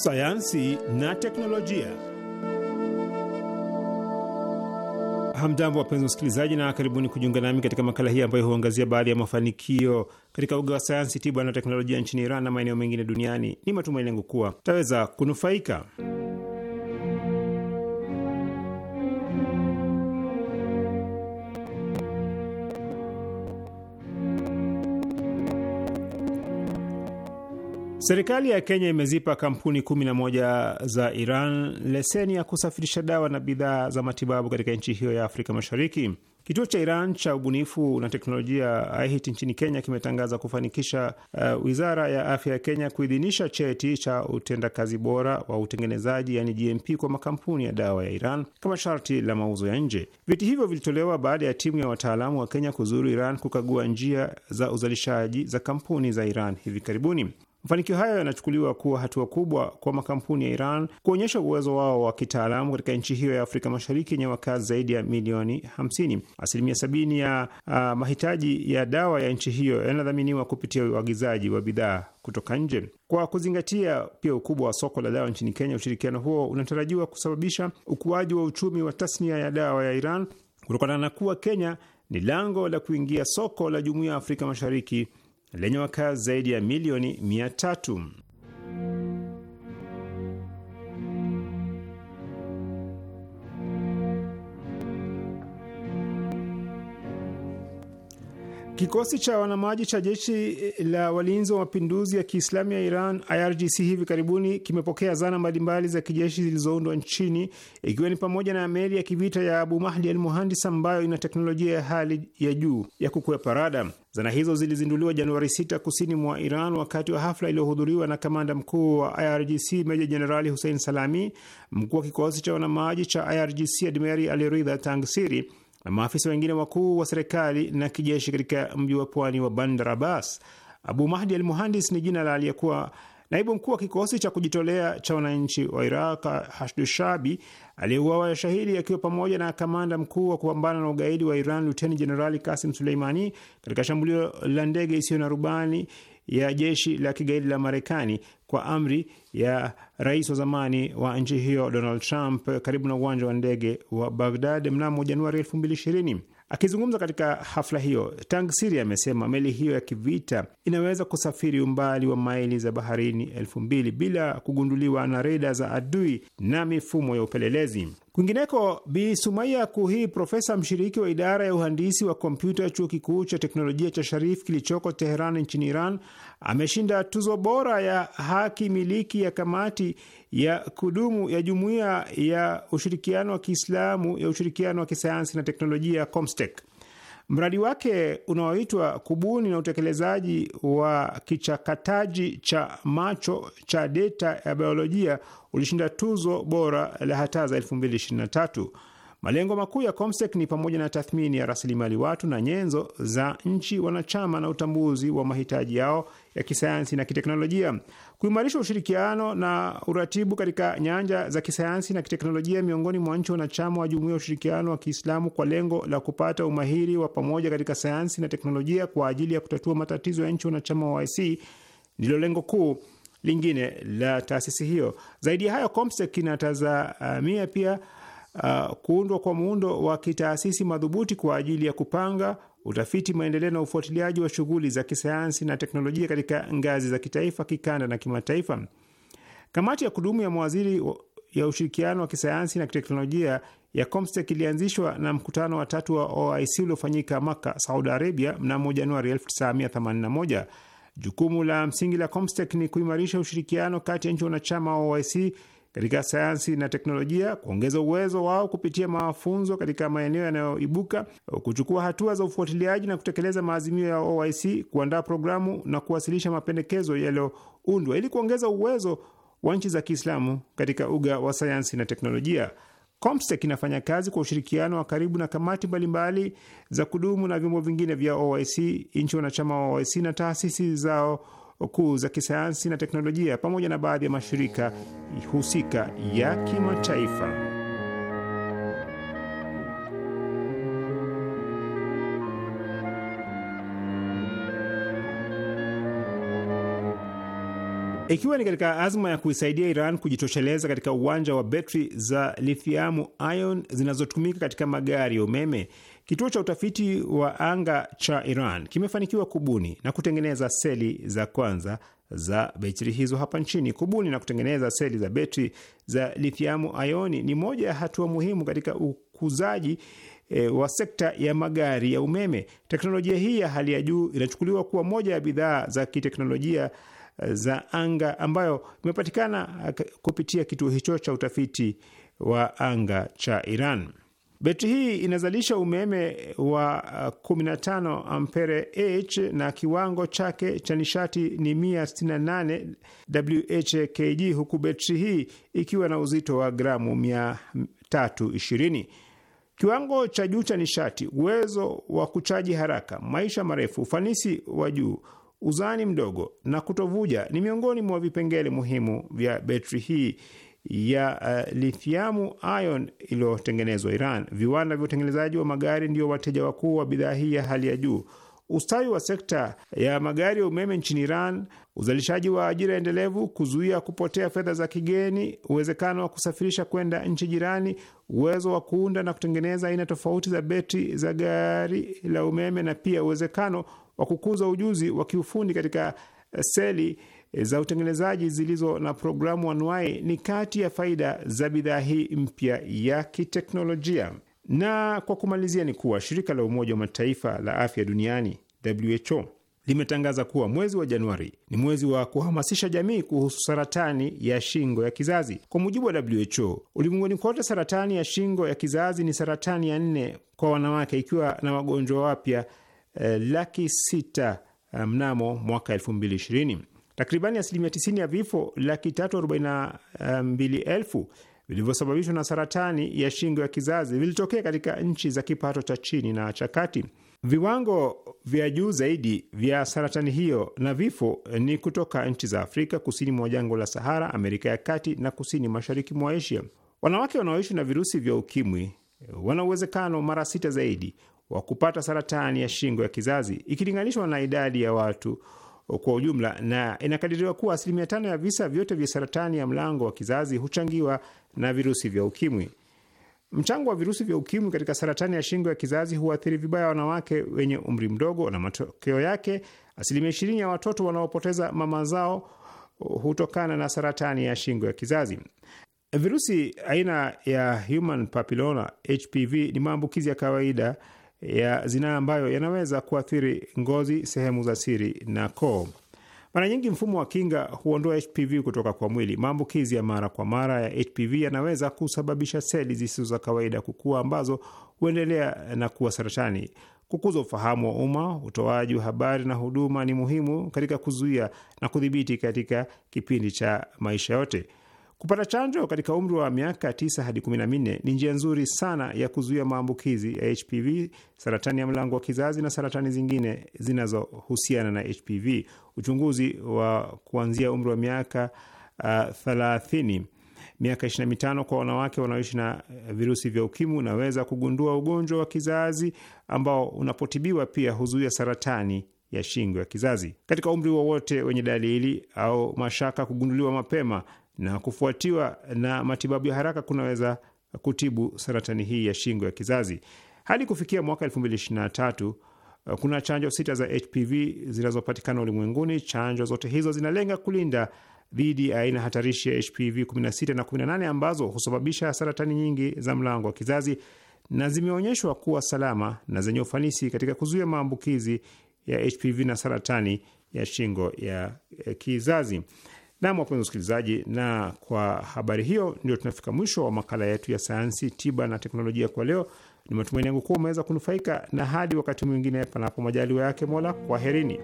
sayansi na teknolojia. Hamjambo, wapenzi msikilizaji, na karibuni kujiunga nami katika makala hii ambayo huangazia baadhi ya mafanikio katika uga wa sayansi, tiba na teknolojia nchini Iran na maeneo mengine duniani. Ni matumaini yangu kuwa taweza kunufaika. Serikali ya Kenya imezipa kampuni 11 za Iran leseni ya kusafirisha dawa na bidhaa za matibabu katika nchi hiyo ya Afrika Mashariki. Kituo cha Iran cha ubunifu na teknolojia AIHT nchini Kenya kimetangaza kufanikisha uh, wizara ya afya ya Kenya kuidhinisha cheti cha utendakazi bora wa utengenezaji yani GMP kwa makampuni ya dawa ya Iran kama sharti la mauzo ya nje. Vyeti hivyo vilitolewa baada ya timu ya wataalamu wa Kenya kuzuru Iran kukagua njia za uzalishaji za kampuni za Iran hivi karibuni. Mafanikio hayo yanachukuliwa kuwa hatua kubwa kwa makampuni ya Iran kuonyesha uwezo wao wa kitaalamu katika nchi hiyo ya Afrika Mashariki yenye wakazi zaidi ya milioni 50. Asilimia sabini ya uh, mahitaji ya dawa ya nchi hiyo yanadhaminiwa kupitia uagizaji wa bidhaa kutoka nje. Kwa kuzingatia pia ukubwa wa soko la dawa nchini Kenya, ushirikiano huo unatarajiwa kusababisha ukuaji wa uchumi wa tasnia ya dawa ya Iran kutokana na kuwa Kenya ni lango la kuingia soko la Jumuiya ya Afrika Mashariki lenye wakazi zaidi ya milioni mia tatu. Kikosi cha wanamaji cha jeshi eh, la walinzi wa mapinduzi ya Kiislamu ya Iran IRGC hivi karibuni kimepokea zana mbalimbali za kijeshi zilizoundwa nchini ikiwa ni pamoja na meli ya kivita ya Abu Mahdi al Muhandis ambayo ina teknolojia ya hali ya juu ya kukwepa rada. Zana hizo zilizinduliwa Januari 6 kusini mwa Iran wakati wa hafla iliyohudhuriwa na kamanda mkuu wa IRGC meja jenerali Hussein Salami, mkuu wa kikosi cha wanamaji cha IRGC admeri Aliridha Tangsiri na maafisa wengine wakuu wa serikali na kijeshi katika mji wa pwani wa Bandar Abbas. Abu Mahdi al Muhandis ni jina la aliyekuwa naibu mkuu wa kikosi cha kujitolea cha wananchi wa Iraq Hashdushabi aliyeuawa shahidi akiwa pamoja na kamanda mkuu wa kupambana na ugaidi wa Iran Luteni Jenerali Kasim Suleimani katika shambulio la ndege isiyo na rubani ya jeshi la kigaidi la Marekani kwa amri ya rais wa zamani wa nchi hiyo Donald Trump karibu na uwanja wa ndege wa Baghdad mnamo Januari 2020. Akizungumza katika hafla hiyo, Tang Siri amesema meli hiyo ya kivita inaweza kusafiri umbali wa maili za baharini elfu mbili bila kugunduliwa na reda za adui na mifumo ya upelelezi. Kwingineko, Bi Sumaiya Kuhi, profesa mshiriki wa idara ya uhandisi wa kompyuta chuo kikuu cha teknolojia cha Sharif kilichoko Teheran nchini Iran, ameshinda tuzo bora ya haki miliki ya kamati ya kudumu ya jumuiya ya ushirikiano wa Kiislamu ya ushirikiano wa kisayansi na teknolojia COMSTECH. Mradi wake unaoitwa kubuni na utekelezaji wa kichakataji cha macho cha deta ya biolojia ulishinda tuzo bora la za 2023. Malengo makuu ya COMSEC ni pamoja na tathmini ya rasilimali watu na nyenzo za nchi wanachama na utambuzi wa mahitaji yao ya kisayansi na kiteknolojia, kuimarisha ushirikiano na uratibu katika nyanja za kisayansi na kiteknolojia miongoni mwa nchi wanachama wa Jumuiya ya Ushirikiano wa Kiislamu kwa lengo la kupata umahiri wa pamoja katika sayansi na teknolojia kwa ajili ya kutatua matatizo ya nchi wanachama wa OIC ndilo lengo kuu lingine la taasisi hiyo. Zaidi ya hayo, COMSTECH inatazamia pia uh, kuundwa kwa muundo wa kitaasisi madhubuti kwa ajili ya kupanga utafiti, maendeleo na ufuatiliaji wa shughuli za kisayansi na teknolojia katika ngazi za kitaifa, kikanda na kimataifa. Kamati ya kudumu ya mawaziri ya ushirikiano wa kisayansi na teknolojia ya COMSTECH ilianzishwa na mkutano wa tatu wa OIC uliofanyika Maka, Saudi Arabia mnamo Januari 1981. Jukumu la msingi la COMSTECH ni kuimarisha ushirikiano kati ya nchi wanachama wa OIC katika sayansi na teknolojia, kuongeza uwezo wao kupitia mafunzo katika maeneo yanayoibuka, kuchukua hatua za ufuatiliaji na kutekeleza maazimio ya OIC, kuandaa programu na kuwasilisha mapendekezo yaliyoundwa ili kuongeza uwezo wa nchi za Kiislamu katika uga wa sayansi na teknolojia. COMSTECH inafanya kazi kwa ushirikiano wa karibu na kamati mbalimbali za kudumu na vyombo vingine vya OIC, nchi wanachama wa OIC na taasisi zao kuu za kisayansi na teknolojia pamoja na baadhi ya mashirika husika ya kimataifa. Ikiwa ni katika azma ya kuisaidia Iran kujitosheleza katika uwanja wa betri za lithiamu ion zinazotumika katika magari ya umeme, Kituo cha utafiti wa anga cha Iran kimefanikiwa kubuni na kutengeneza seli za kwanza za betri hizo hapa nchini. Kubuni na kutengeneza seli za betri za lithiamu ayoni ni moja ya hatua muhimu katika ukuzaji E, wa sekta ya magari ya umeme. Teknolojia hii ya hali ya juu inachukuliwa kuwa moja ya bidhaa za kiteknolojia e, za anga ambayo imepatikana e, kupitia kituo hicho cha utafiti wa anga cha Iran. Betri hii inazalisha umeme wa 15 uh, ampere h na kiwango chake cha nishati ni 168 whkg, huku betri hii ikiwa na uzito wa gramu 320. Kiwango cha juu cha nishati, uwezo wa kuchaji haraka, maisha marefu, ufanisi wa juu, uzani mdogo na kutovuja ni miongoni mwa vipengele muhimu vya betri hii ya uh, lithiamu ion iliyotengenezwa Iran. Viwanda vya utengenezaji wa magari ndio wateja wakuu wa bidhaa hii ya hali ya juu. Ustawi wa sekta ya magari ya umeme nchini Iran, uzalishaji wa ajira endelevu, kuzuia kupotea fedha za kigeni, uwezekano wa kusafirisha kwenda nchi jirani, uwezo wa kuunda na kutengeneza aina tofauti za beti za gari la umeme, na pia uwezekano wa kukuza ujuzi wa kiufundi katika eh, seli E, za utengenezaji zilizo na programu anuai ni kati ya faida za bidhaa hii mpya ya kiteknolojia. Na kwa kumalizia ni kuwa shirika la Umoja wa Mataifa la afya duniani WHO limetangaza kuwa mwezi wa Januari ni mwezi wa kuhamasisha jamii kuhusu saratani ya shingo ya kizazi. Kwa mujibu wa WHO, ulimwenguni kote saratani ya shingo ya kizazi ni saratani ya nne kwa wanawake, ikiwa na wagonjwa wapya eh, laki sita eh, mnamo mwaka elfu mbili ishirini. Takribani asilimia 90 ya vifo laki tatu arobaini na eh, mbili elfu vilivyosababishwa na saratani ya shingo ya kizazi vilitokea katika nchi za kipato cha chini na cha kati. Viwango vya juu zaidi vya saratani hiyo na vifo ni kutoka nchi za Afrika kusini mwa jangwa la Sahara, Amerika ya kati na kusini mashariki mwa Asia. Wanawake wanaoishi na virusi vya ukimwi eh, wana uwezekano mara sita zaidi wa kupata saratani ya shingo ya kizazi ikilinganishwa na idadi ya watu kwa ujumla, na inakadiriwa kuwa asilimia tano ya visa vyote vya saratani ya mlango wa kizazi huchangiwa na virusi vya ukimwi. Mchango wa virusi vya ukimwi katika saratani ya shingo ya kizazi huathiri vibaya wanawake wenye umri mdogo, na matokeo yake asilimia ishirini ya watoto wanaopoteza mama zao hutokana na saratani ya shingo ya kizazi. Virusi aina ya human HPV ni maambukizi ya kawaida ya zinaa ambayo yanaweza kuathiri ngozi, sehemu za siri na koo. Mara nyingi mfumo wa kinga huondoa HPV kutoka kwa mwili. Maambukizi ya mara kwa mara ya HPV yanaweza kusababisha seli zisizo za kawaida kukua, ambazo huendelea na kuwa saratani. Kukuza ufahamu wa umma, utoaji wa habari na huduma ni muhimu katika kuzuia na kudhibiti katika kipindi cha maisha yote. Kupata chanjo katika umri wa miaka 9 hadi 14 ni njia nzuri sana ya kuzuia maambukizi ya HPV, saratani ya mlango wa kizazi na saratani zingine zinazohusiana na HPV. Uchunguzi wa kuanzia umri wa miaka uh, 30 miaka 25 kwa wanawake wanaoishi na virusi vya ukimwi unaweza kugundua ugonjwa wa kizazi ambao unapotibiwa pia huzuia saratani ya shingo ya kizazi. Katika umri wowote wenye dalili au mashaka kugunduliwa mapema na kufuatiwa na matibabu ya haraka kunaweza kutibu saratani hii ya shingo ya kizazi. Hadi kufikia mwaka 2023 kuna chanjo sita za HPV zinazopatikana ulimwenguni. Chanjo zote hizo zinalenga kulinda dhidi ya aina hatarishi ya HPV 16 na 18 ambazo husababisha saratani nyingi za mlango wa kizazi na zimeonyeshwa kuwa salama na zenye ufanisi katika kuzuia maambukizi ya HPV na saratani ya shingo ya kizazi. Nam, wapenzi wasikilizaji, na kwa habari hiyo ndio tunafika mwisho wa makala yetu ya sayansi, tiba na teknolojia kwa leo. Ni matumaini yangu kuwa umeweza kunufaika, na hadi wakati mwingine, panapo majaliwa yake Mola, kwaherini.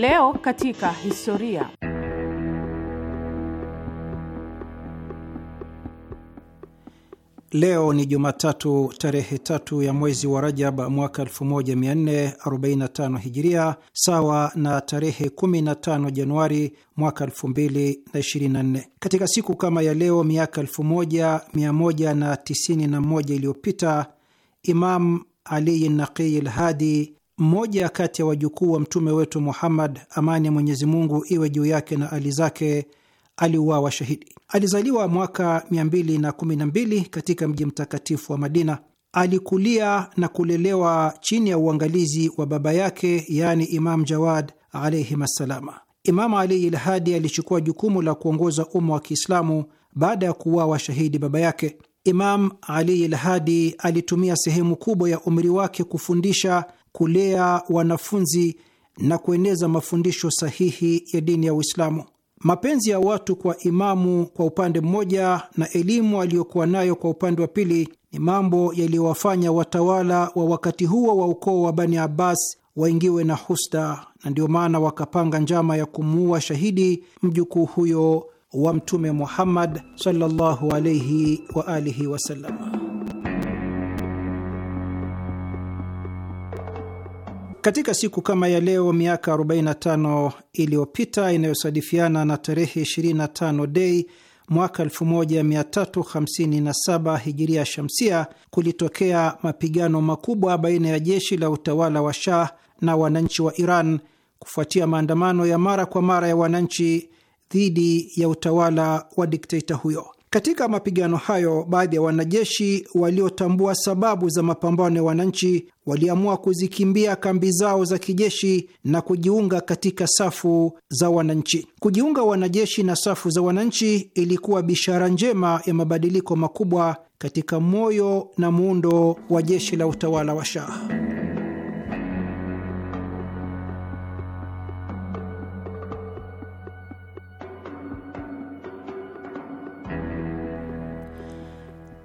Leo katika historia. Leo ni Jumatatu tarehe tatu ya mwezi wa Rajab mwaka 1445 Hijiria, sawa na tarehe 15 Januari mwaka 2024. Katika siku kama ya leo miaka 1191 iliyopita Imam Ali Naqiyi Lhadi mmoja kati ya wajukuu wa mtume wetu Muhammad, amani ya Mwenyezi Mungu iwe juu yake na ali zake, aliuawa shahidi. Alizaliwa mwaka 212 katika mji mtakatifu wa Madina. Alikulia na kulelewa chini ya uangalizi wa baba yake, yaani Imam Jawad alaihim assalama. Imam Ali Ilhadi alichukua jukumu la kuongoza umma wa Kiislamu baada ya kuuawa shahidi baba yake. Imam Ali Ilhadi alitumia sehemu kubwa ya umri wake kufundisha kulea wanafunzi na kueneza mafundisho sahihi ya dini ya Uislamu. Mapenzi ya watu kwa imamu kwa upande mmoja na elimu aliyokuwa nayo kwa upande wa pili ni mambo yaliyowafanya watawala wa wakati huo wa ukoo wa Bani Abbas waingiwe na husta, na ndio maana wakapanga njama ya kumuua shahidi mjukuu huyo wa Mtume Muhammad sallallahu alaihi wa alihi wasallam. Katika siku kama ya leo miaka 45 iliyopita inayosadifiana na tarehe 25 Dei mwaka 1357 hijiria shamsia, kulitokea mapigano makubwa baina ya jeshi la utawala wa Shah na wananchi wa Iran kufuatia maandamano ya mara kwa mara ya wananchi dhidi ya utawala wa dikteta huyo. Katika mapigano hayo, baadhi ya wanajeshi waliotambua sababu za mapambano ya wananchi waliamua kuzikimbia kambi zao za kijeshi na kujiunga katika safu za wananchi. Kujiunga wanajeshi na safu za wananchi ilikuwa bishara njema ya mabadiliko makubwa katika moyo na muundo wa jeshi la utawala wa Shah.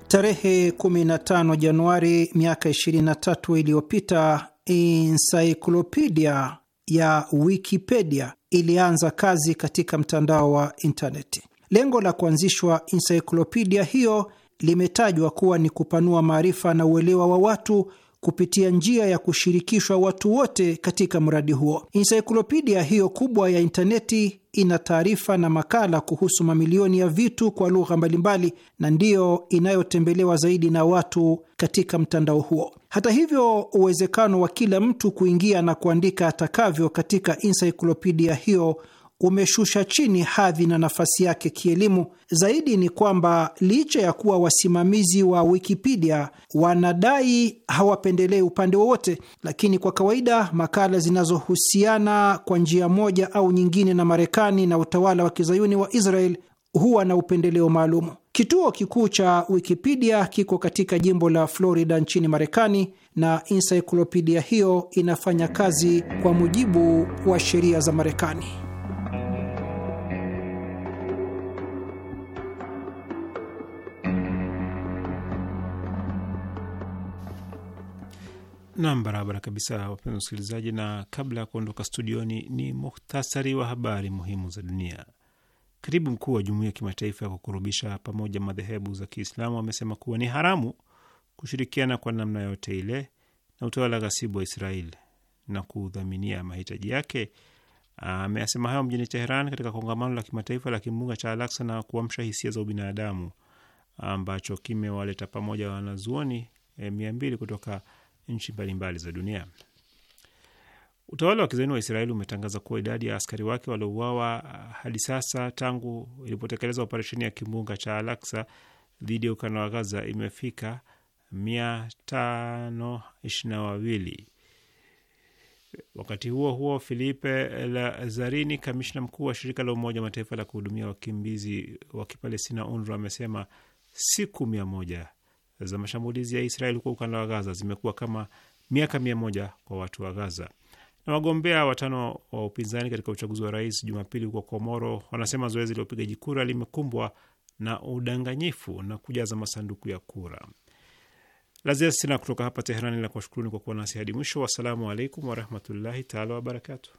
Tarehe 15 Januari miaka 23 iliyopita, ensiklopedia ya Wikipedia ilianza kazi katika mtandao wa intaneti. Lengo la kuanzishwa ensiklopedia hiyo limetajwa kuwa ni kupanua maarifa na uelewa wa watu kupitia njia ya kushirikishwa watu wote katika mradi huo. Ensaiklopidia hiyo kubwa ya intaneti ina taarifa na makala kuhusu mamilioni ya vitu kwa lugha mbalimbali na ndiyo inayotembelewa zaidi na watu katika mtandao huo. Hata hivyo, uwezekano wa kila mtu kuingia na kuandika atakavyo katika ensaiklopidia hiyo umeshusha chini hadhi na nafasi yake kielimu. Zaidi ni kwamba licha ya kuwa wasimamizi wa Wikipedia wanadai hawapendelei upande wowote, lakini kwa kawaida makala zinazohusiana kwa njia moja au nyingine na Marekani na utawala wa kizayuni wa Israel huwa na upendeleo maalumu. Kituo kikuu cha Wikipedia kiko katika jimbo la Florida nchini Marekani, na encyclopedia hiyo inafanya kazi kwa mujibu wa sheria za Marekani. Nam, barabara kabisa, wapenzi wasikilizaji, na kabla ya kuondoka studioni ni, muhtasari wa habari muhimu za dunia. Katibu mkuu wa jumuiya ya kimataifa ya kukurubisha pamoja madhehebu za Kiislamu amesema kuwa ni haramu kushirikiana kwa namna yote ile na utawala ghasibu wa Israel na kudhaminia mahitaji yake. ameasema hayo mjini Teheran katika kongamano la kimataifa la kimbunga cha Alaksa na kuamsha hisia za ubinadamu ambacho kimewaleta pamoja wanazuoni e, mia mbili kutoka nchi mbalimbali za dunia. Utawala wa kizaini wa Israeli umetangaza kuwa idadi ya askari wake waliouawa uh, hadi sasa tangu ilipotekeleza operesheni ya kimbunga cha Alaksa dhidi ya ukanda wa Gaza imefika mia tano ishirini na wawili. Wakati huo huo, Filipe Lazarini, kamishna mkuu wa shirika la Umoja wa Mataifa la kuhudumia wakimbizi wa Kipalestina, UNRWA, amesema siku mia moja za mashambulizi ya Israeli kwa ukanda wa Gaza zimekuwa kama miaka mia moja kwa watu wa Gaza. Na wagombea watano wa upinzani katika uchaguzi wa rais Jumapili huko Komoro wanasema zoezi la upigaji kura limekumbwa na udanganyifu na kujaza masanduku ya kura. Lazia sina kutoka hapa Teherani, la kuwashukuruni kwa kuwa nasi hadi mwisho. Wassalamu alaikum warahmatullahi taala wabarakatu